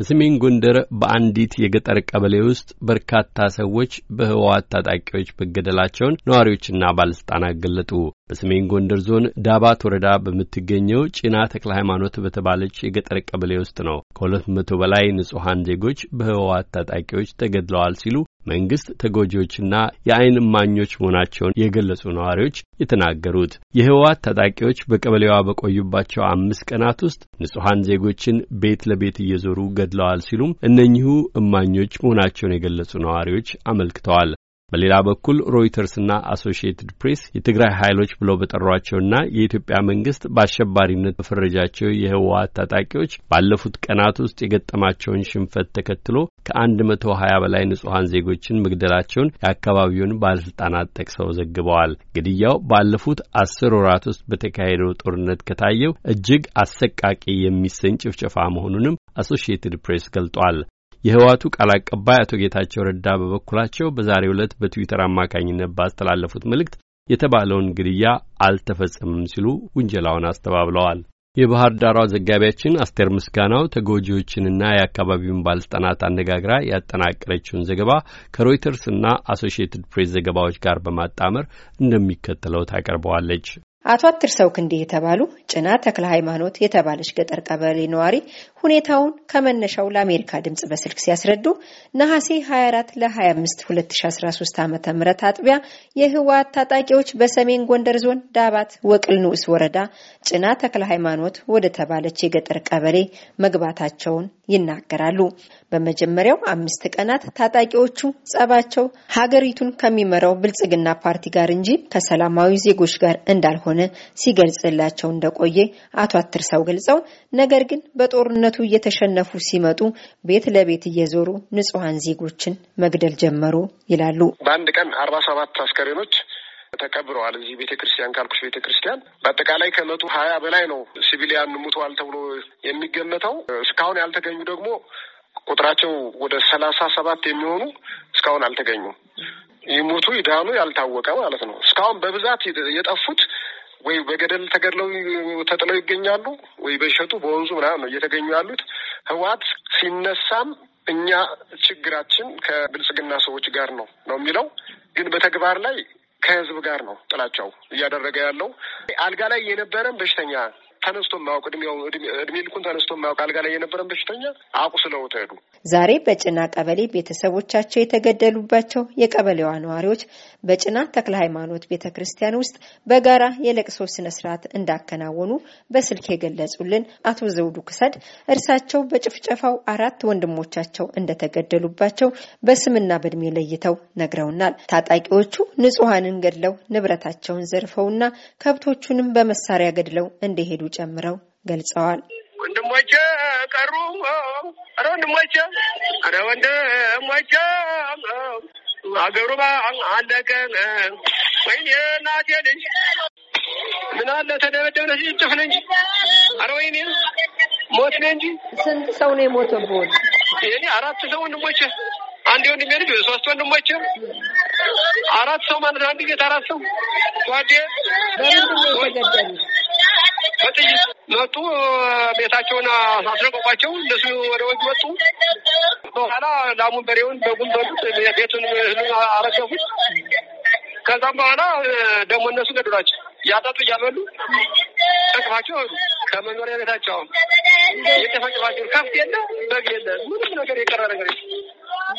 በሰሜን ጎንደር በአንዲት የገጠር ቀበሌ ውስጥ በርካታ ሰዎች በህወሓት ታጣቂዎች መገደላቸውን ነዋሪዎችና ባለስልጣናት ገለጡ። በሰሜን ጎንደር ዞን ዳባት ወረዳ በምትገኘው ጭና ተክለ ሃይማኖት በተባለች የገጠር ቀበሌ ውስጥ ነው ከሁለት መቶ በላይ ንጹሐን ዜጎች በህወሓት ታጣቂዎች ተገድለዋል ሲሉ መንግስት ተጎጂዎችና የአይን እማኞች መሆናቸውን የገለጹ ነዋሪዎች የተናገሩት የህወሓት ታጣቂዎች በቀበሌዋ በቆዩባቸው አምስት ቀናት ውስጥ ንጹሐን ዜጎችን ቤት ለቤት እየዞሩ ገድለዋል ሲሉም እነኚሁ እማኞች መሆናቸውን የገለጹ ነዋሪዎች አመልክተዋል። በሌላ በኩል ሮይተርስና አሶሺየትድ ፕሬስ የትግራይ ኃይሎች ብለው በጠሯቸውና የኢትዮጵያ መንግስት በአሸባሪነት በፈረጃቸው የህወሀት ታጣቂዎች ባለፉት ቀናት ውስጥ የገጠማቸውን ሽንፈት ተከትሎ ከአንድ መቶ ሀያ በላይ ንጹሐን ዜጎችን መግደላቸውን የአካባቢውን ባለስልጣናት ጠቅሰው ዘግበዋል። ግድያው ባለፉት አስር ወራት ውስጥ በተካሄደው ጦርነት ከታየው እጅግ አሰቃቂ የሚሰኝ ጭፍጨፋ መሆኑንም አሶሽየትድ ፕሬስ ገልጧል። የህወሓቱ ቃል አቀባይ አቶ ጌታቸው ረዳ በበኩላቸው በዛሬው ዕለት በትዊተር አማካኝነት ባስተላለፉት መልእክት የተባለውን ግድያ አልተፈጸምም ሲሉ ውንጀላውን አስተባብለዋል። የባህር ዳሯ ዘጋቢያችን አስቴር ምስጋናው ተጎጂዎችንና የአካባቢውን ባለስልጣናት አነጋግራ ያጠናቀረችውን ዘገባ ከሮይተርስና አሶሺየትድ ፕሬስ ዘገባዎች ጋር በማጣመር እንደሚከተለው ታቀርበዋለች። አቶ አትርሰው ክንዴ የተባሉ ጭና ተክለ ሃይማኖት የተባለች ገጠር ቀበሌ ነዋሪ ሁኔታውን ከመነሻው ለአሜሪካ ድምጽ በስልክ ሲያስረዱ ነሐሴ 24 ለ25 2013 ዓ ም አጥቢያ የህወሓት ታጣቂዎች በሰሜን ጎንደር ዞን ዳባት ወቅል ንዑስ ወረዳ ጭና ተክለ ሃይማኖት ወደ ተባለች የገጠር ቀበሌ መግባታቸውን ይናገራሉ። በመጀመሪያው አምስት ቀናት ታጣቂዎቹ ጸባቸው ሀገሪቱን ከሚመራው ብልጽግና ፓርቲ ጋር እንጂ ከሰላማዊ ዜጎች ጋር እንዳልሆነ ሲገልጽላቸው እንደቆየ አቶ አትርሰው ገልጸው፣ ነገር ግን በጦርነቱ እየተሸነፉ ሲመጡ ቤት ለቤት እየዞሩ ንጹሐን ዜጎችን መግደል ጀመሩ ይላሉ። በአንድ ቀን አርባ ሰባት አስከሬኖች ተቀብረዋል። እዚህ ቤተክርስቲያን ካልኩሽ ቤተክርስቲያን በአጠቃላይ ከመቶ ሀያ በላይ ነው ሲቪሊያን ሙተዋል ተብሎ የሚገመተው። እስካሁን ያልተገኙ ደግሞ ቁጥራቸው ወደ ሰላሳ ሰባት የሚሆኑ እስካሁን አልተገኙም። ይሙቱ ይዳኑ ያልታወቀ ማለት ነው። እስካሁን በብዛት የጠፉት ወይ በገደል ተገድለው ተጥለው ይገኛሉ ወይ በሸጡ በወንዙ ምናምን ነው እየተገኙ ያሉት። ህወሓት ሲነሳም እኛ ችግራችን ከብልጽግና ሰዎች ጋር ነው ነው የሚለው ግን በተግባር ላይ ከህዝብ ጋር ነው ጥላቻው እያደረገ ያለው። አልጋ ላይ የነበረን በሽተኛ ተነስቶ የማያውቅ እድሜ ልኩን ተነስቶ የማያውቅ አልጋ ላይ የነበረን በሽተኛ አቁስለውት ሄዱ። ዛሬ በጭና ቀበሌ ቤተሰቦቻቸው የተገደሉባቸው የቀበሌዋ ነዋሪዎች በጭና ተክለ ሃይማኖት ቤተ ክርስቲያን ውስጥ በጋራ የለቅሶ ስነ ስርዓት እንዳከናወኑ በስልክ የገለጹልን አቶ ዘውዱ ክሰድ እርሳቸው በጭፍጨፋው አራት ወንድሞቻቸው እንደተገደሉባቸው በስምና በእድሜ ለይተው ነግረውናል። ታጣቂዎቹ ንጹሐንን ገድለው ንብረታቸውን ዘርፈውና ከብቶቹንም በመሳሪያ ገድለው እንደሄዱ ጨምረው ገልጸዋል። ወንድሞቼ ቀሩ። ኧረ ወንድሞቼ፣ ኧረ ወንድሞቼ አገሩ አለቀ። ወይኔ እናቴ ልጅ ምን አለ ተደበደብነ ጭፍ ነው እንጂ ኧረ ወይኔ ሞት ነው እንጂ። ስንት ሰው ነው የሞተው? በወል እኔ አራት ሰው ወንድሞቼ፣ አንድ ወንድሜ ልጅ፣ ሶስት ወንድሞቼ፣ አራት ሰው ማለት አንድ ቤት አራት ሰው ጓዴ በጥይት መጡ። ቤታቸውን አስለቀቋቸው። እነሱ ወደ ወግ መጡ። በኋላ ላሙን፣ በሬውን፣ በጉን በሉት። ቤቱን ህሉን አረገፉት። ከዛም በኋላ ደግሞ እነሱ ገድሏቸው ያጠጡ እያበሉ ጨቅፋቸው ሉ ከመኖሪያ ቤታቸው አሁን ከፍት የለ በግ የለ ምንም ነገር የቀረ ነገር የለ።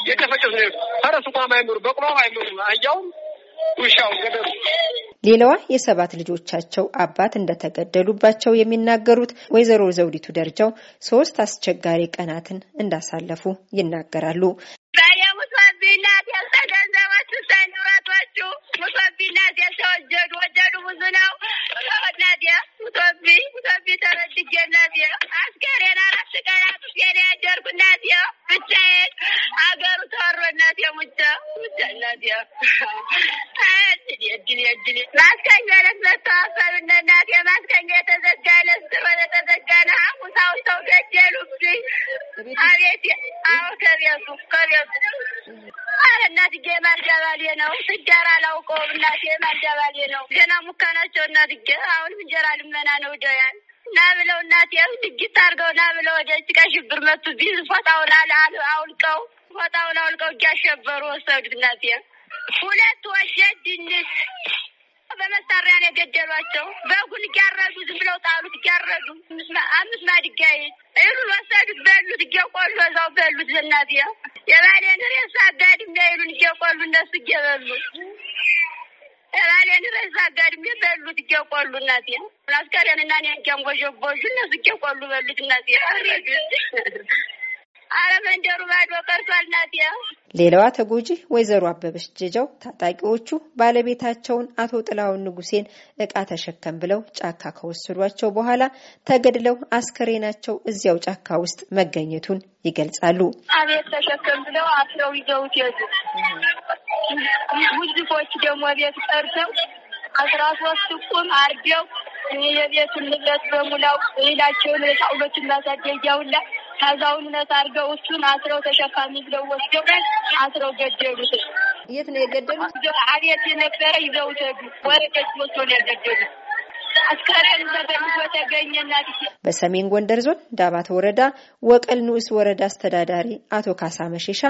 የተፈጨፍ ነው። ፈረስ እንኳን አይምሩ፣ በቅሎ አይምሩ፣ አህያውም ሌላዋ የሰባት ልጆቻቸው አባት እንደተገደሉባቸው የሚናገሩት ወይዘሮ ዘውዲቱ ደርጃው ሶስት አስቸጋሪ ቀናትን እንዳሳለፉ ይናገራሉ። ቢናት ያልተ ገንዘባችሁ ሳይንብረቶችሁ ሙቶቢ ናት ያልተወጀዱ ወደዱ ብዙ ነው ናት ያ ሙቶቢ ሙቶቢ ተረድጌ ናት ያ አስከሬን አራት ቀናት ዜና ያደርጉ ናት ብቻዬን አገሩ ተወሮ ናት ያ ሙጫ ሙጫ ማስከኛ አረ እናትዬ ማልዳባሌ ነው ትዳር አላውቀውም። እናቴ ማልዳባሌ ነው ገና ሙካ ናቸው እናትዬ። አሁን እንጀራ ልመና ነው ደውያል ና ብለው እናቴ ድግት አድርገው ና ብለው ወደ ጭቃ ሽብር መቱ ቢዝ ፎጣውን አውልቀው ፎጣውን አውልቀው እያሸበሩ ወሰዱት እናቴ ሁለት ወሸድ ድንስ በመሳሪያ ነው የገደሏቸው። በጉን እያረዱ ዝም ብለው ጣሉት፣ እያረዱ አምስት ማድጋ ይሉ ወሰዱት፣ በሉት፣ እየቆሉ እዛው በሉት። ዘናቢያ የባሌን ሬሳ አጋድሜ ይሉን እየቆሉ እነሱ እየበሉ የባሌን ሬሳ አጋድሜ በሉት፣ እየቆሉ እናዚያ አስከሬን እና እኔን እያንጎዣጎዡ እነሱ እየቆሉ በሉት እናዚያ አረ መንደሩ ባዶ ቀርቷል። ናት ሌላዋ ተጎጂ ወይዘሮ አበበች ጀጃው ታጣቂዎቹ ባለቤታቸውን አቶ ጥላሁን ንጉሴን እቃ ተሸከም ብለው ጫካ ከወሰዷቸው በኋላ ተገድለው አስከሬናቸው እዚያው ጫካ ውስጥ መገኘቱን ይገልጻሉ። አቤት ተሸከም ብለው አፍረው ይዘውት ሄዱ። ሙዝፎች ደግሞ ቤት ጠርተው አስራ ሶስት ቁም አርደው የቤቱን ንብረት በሙላው ሌላቸውን ጣውሎችን ማሳደጊያውላ ከዛ እውነት አድርገው እሱን አስረው ተሸካሚ ብለው ወስደው አስረው ገደሉት። የት ነው የገደሉት? አቤት የነበረ ይዘው ሄዱ። ወረቀት ወስዶ ነው የገደሉት። በሰሜን ጎንደር ዞን ዳባት ወረዳ ወቀል ንዑስ ወረዳ አስተዳዳሪ አቶ ካሳ መሸሻ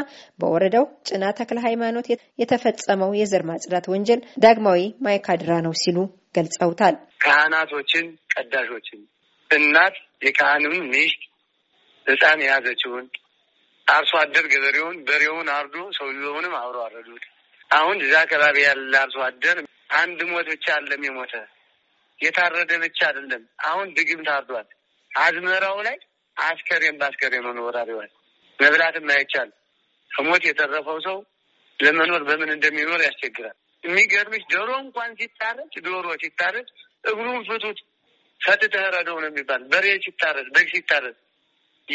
በወረዳው ጭና ተክለ ሃይማኖት የተፈጸመው የዘር ማጽዳት ወንጀል ዳግማዊ ማይካድራ ነው ሲሉ ገልጸውታል። ካህናቶችን፣ ቀዳሾችን እናት የካህኑን ሚስት ህፃን የያዘችውን አርሶ አደር ገበሬውን በሬውን አርዶ ሰውየውንም አብሮ አረዱት። አሁን እዛ አካባቢ ያለ አርሶ አደር አንድ ሞት ብቻ አለም የሞተ የታረደ ብቻ አይደለም። አሁን ድግም ታርዷል። አዝመራው ላይ አስከሬም በአስከሬን ነው ወራሪዋል። መብላትም አይቻል። ከሞት የተረፈው ሰው ለመኖር በምን እንደሚኖር ያስቸግራል። የሚገርምሽ ዶሮ እንኳን ሲታረድ ዶሮ ሲታረድ እግሩን ፍቱት፣ ፈትተህ ረዶ ነው የሚባል። በሬ ሲታረድ በግ ሲታረድ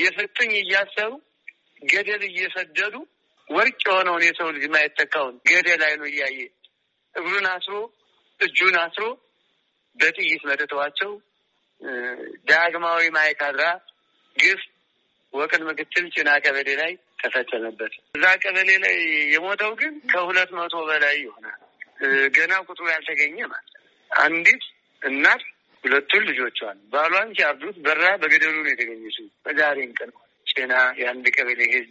የፍትኝ እያሰሩ ገደል እየሰደዱ ወርቅ የሆነውን የሰው ልጅ ማይተካውን ገደል አይኑ እያየ እግሩን አስሮ እጁን አስሮ በጥይት መትተዋቸው ዳግማዊ ማይካድራ ግፍ ወቅን ምክትል ጭና ቀበሌ ላይ ተፈጸመበት። እዛ ቀበሌ ላይ የሞተው ግን ከሁለት መቶ በላይ ይሆናል። ገና ቁጥሩ ያልተገኘ ማለት አንዲት እናት ሁለቱን ልጆቿን ባሏን ሲያብዱት በራ በገደሉ ነው የተገኘሱ። በዛሬን ቀን ጭና የአንድ ቀበሌ ህዝብ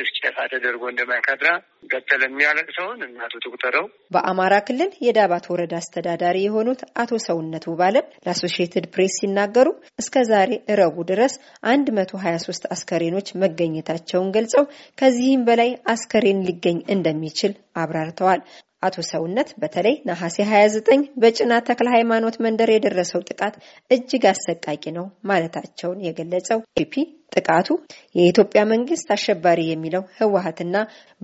ጭፍጨፋ ተደርጎ እንደማይካድራ ገተለ የሚያለቅሰውን እናቱ ትቁጠረው። በአማራ ክልል የዳባት ወረዳ አስተዳዳሪ የሆኑት አቶ ሰውነቱ ባለም ለአሶሺየትድ ፕሬስ ሲናገሩ እስከ ዛሬ እረቡ ድረስ አንድ መቶ ሀያ ሶስት አስከሬኖች መገኘታቸውን ገልጸው ከዚህም በላይ አስከሬን ሊገኝ እንደሚችል አብራርተዋል። አቶ ሰውነት በተለይ ነሐሴ 29 በጭና ተክለ ሃይማኖት መንደር የደረሰው ጥቃት እጅግ አሰቃቂ ነው ማለታቸውን የገለጸው ፒፒ ጥቃቱ የኢትዮጵያ መንግስት አሸባሪ የሚለው ህወሀትና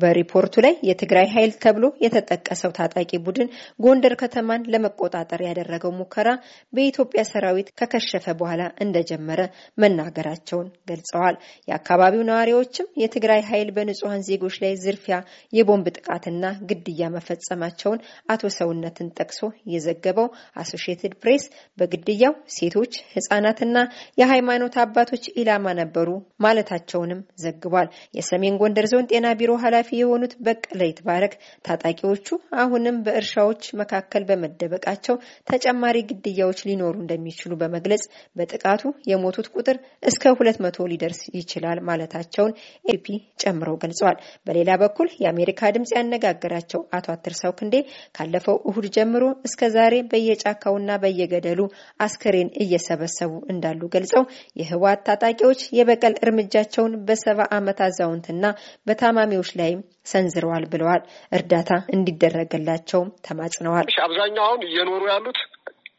በሪፖርቱ ላይ የትግራይ ኃይል ተብሎ የተጠቀሰው ታጣቂ ቡድን ጎንደር ከተማን ለመቆጣጠር ያደረገው ሙከራ በኢትዮጵያ ሰራዊት ከከሸፈ በኋላ እንደጀመረ መናገራቸውን ገልጸዋል። የአካባቢው ነዋሪዎችም የትግራይ ኃይል በንጹሐን ዜጎች ላይ ዝርፊያ፣ የቦምብ ጥቃትና ግድያ መፈጸማቸውን አቶ ሰውነትን ጠቅሶ የዘገበው አሶሽየትድ ፕሬስ በግድያው ሴቶች ህጻናትና የሃይማኖት አባቶች ኢላማ ነበር ነበሩ ማለታቸውንም ዘግቧል። የሰሜን ጎንደር ዞን ጤና ቢሮ ኃላፊ የሆኑት በቀለ ይትባረክ ታጣቂዎቹ አሁንም በእርሻዎች መካከል በመደበቃቸው ተጨማሪ ግድያዎች ሊኖሩ እንደሚችሉ በመግለጽ በጥቃቱ የሞቱት ቁጥር እስከ ሁለት መቶ ሊደርስ ይችላል ማለታቸውን ኤፒ ጨምረው ገልጸዋል። በሌላ በኩል የአሜሪካ ድምጽ ያነጋገራቸው አቶ አትርሰው ክንዴ ካለፈው እሁድ ጀምሮ እስከ ዛሬ በየጫካውና በየገደሉ አስከሬን እየሰበሰቡ እንዳሉ ገልጸው የህወሓት ታጣቂዎች የበቀል እርምጃቸውን በሰባ ዓመት አዛውንትና በታማሚዎች ላይም ሰንዝረዋል ብለዋል። እርዳታ እንዲደረግላቸው ተማጽነዋል። አብዛኛው አሁን እየኖሩ ያሉት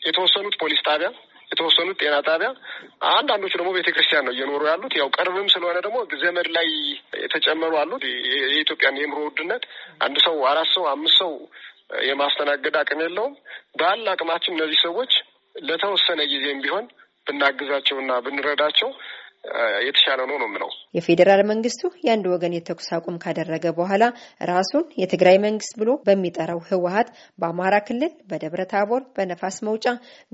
የተወሰኑት ፖሊስ ጣቢያ የተወሰኑት ጤና ጣቢያ፣ አንዳንዶቹ ደግሞ ቤተክርስቲያን ነው እየኖሩ ያሉት። ያው ቅርብም ስለሆነ ደግሞ ዘመድ ላይ የተጨመሩ አሉት። የኢትዮጵያን የኑሮ ውድነት አንድ ሰው አራት ሰው አምስት ሰው የማስተናገድ አቅም የለውም። ባል አቅማችን እነዚህ ሰዎች ለተወሰነ ጊዜም ቢሆን ብናግዛቸውና ብንረዳቸው የተሻለ ነው ነው የምለው። የፌዴራል መንግስቱ የአንድ ወገን የተኩስ አቁም ካደረገ በኋላ ራሱን የትግራይ መንግስት ብሎ በሚጠራው ህወሀት በአማራ ክልል በደብረ ታቦር፣ በነፋስ መውጫ፣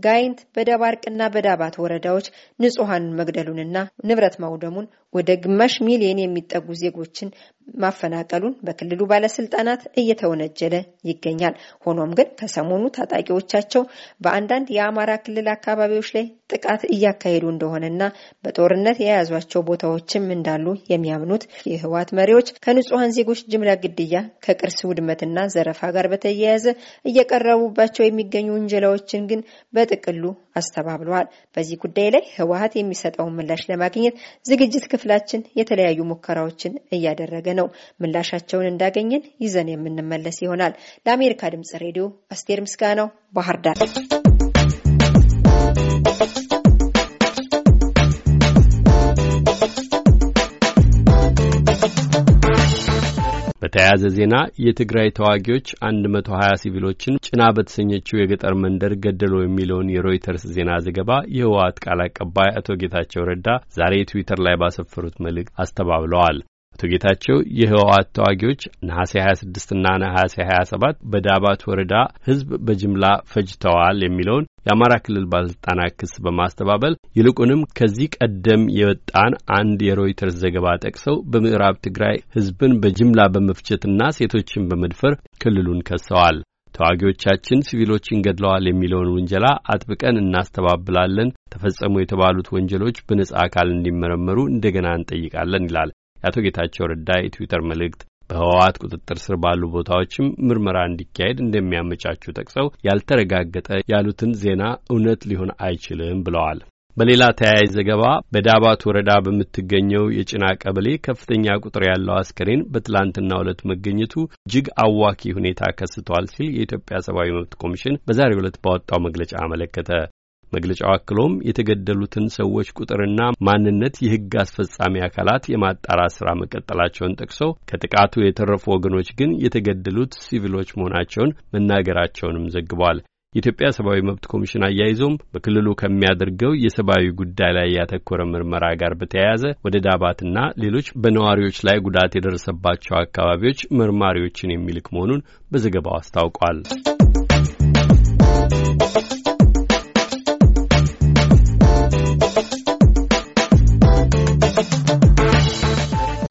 ጋይንት፣ በደባርቅና በዳባት ወረዳዎች ንጹሐን መግደሉንና ንብረት ማውደሙን ወደ ግማሽ ሚሊዮን የሚጠጉ ዜጎችን ማፈናቀሉን በክልሉ ባለስልጣናት እየተወነጀለ ይገኛል። ሆኖም ግን ከሰሞኑ ታጣቂዎቻቸው በአንዳንድ የአማራ ክልል አካባቢዎች ላይ ጥቃት እያካሄዱ እንደሆነና በጦርነት የያዟቸው ቦታዎችም እንዳሉ የሚያምኑት የህወሓት መሪዎች ከንጹሐን ዜጎች ጅምላ ግድያ፣ ከቅርስ ውድመትና ዘረፋ ጋር በተያያዘ እየቀረቡባቸው የሚገኙ ውንጀላዎችን ግን በጥቅሉ አስተባብለዋል። በዚህ ጉዳይ ላይ ህወሓት የሚሰጠውን ምላሽ ለማግኘት ዝግጅት ክፍል ክፍላችን የተለያዩ ሙከራዎችን እያደረገ ነው። ምላሻቸውን እንዳገኘን ይዘን የምንመለስ ይሆናል። ለአሜሪካ ድምጽ ሬዲዮ አስቴር ምስጋናው ባህር ዳር በተያያዘ ዜና የትግራይ ተዋጊዎች 120 ሲቪሎችን ጭና በተሰኘችው የገጠር መንደር ገደሎ የሚለውን የሮይተርስ ዜና ዘገባ የህወሓት ቃል አቀባይ አቶ ጌታቸው ረዳ ዛሬ ትዊተር ላይ ባሰፈሩት መልእክት አስተባብለዋል። አቶ ጌታቸው የህወሓት ተዋጊዎች ነሐሴ 26ና ነሐሴ 27 በዳባት ወረዳ ህዝብ በጅምላ ፈጅተዋል የሚለውን የአማራ ክልል ባለስልጣናት ክስ በማስተባበል ይልቁንም ከዚህ ቀደም የወጣን አንድ የሮይተርስ ዘገባ ጠቅሰው በምዕራብ ትግራይ ህዝብን በጅምላ በመፍጀትና ሴቶችን በመድፈር ክልሉን ከሰዋል። ተዋጊዎቻችን ሲቪሎችን ገድለዋል የሚለውን ውንጀላ አጥብቀን እናስተባብላለን። ተፈጸሙ የተባሉት ወንጀሎች በነጻ አካል እንዲመረመሩ እንደገና እንጠይቃለን ይላል የአቶ ጌታቸው ረዳ የትዊተር መልእክት በህወሓት ቁጥጥር ስር ባሉ ቦታዎችም ምርመራ እንዲካሄድ እንደሚያመቻቹ ጠቅሰው ያልተረጋገጠ ያሉትን ዜና እውነት ሊሆን አይችልም ብለዋል። በሌላ ተያያዥ ዘገባ በዳባት ወረዳ በምትገኘው የጭና ቀበሌ ከፍተኛ ቁጥር ያለው አስከሬን በትላንትና ዕለት መገኘቱ እጅግ አዋኪ ሁኔታ ከስቷል ሲል የኢትዮጵያ ሰብአዊ መብት ኮሚሽን በዛሬ ዕለት ባወጣው መግለጫ አመለከተ። መግለጫው አክሎም የተገደሉትን ሰዎች ቁጥርና ማንነት የሕግ አስፈጻሚ አካላት የማጣራት ስራ መቀጠላቸውን ጠቅሶ ከጥቃቱ የተረፉ ወገኖች ግን የተገደሉት ሲቪሎች መሆናቸውን መናገራቸውንም ዘግቧል። የኢትዮጵያ ሰብአዊ መብት ኮሚሽን አያይዞም በክልሉ ከሚያደርገው የሰብአዊ ጉዳይ ላይ ያተኮረ ምርመራ ጋር በተያያዘ ወደ ዳባትና ሌሎች በነዋሪዎች ላይ ጉዳት የደረሰባቸው አካባቢዎች መርማሪዎችን የሚልክ መሆኑን በዘገባው አስታውቋል።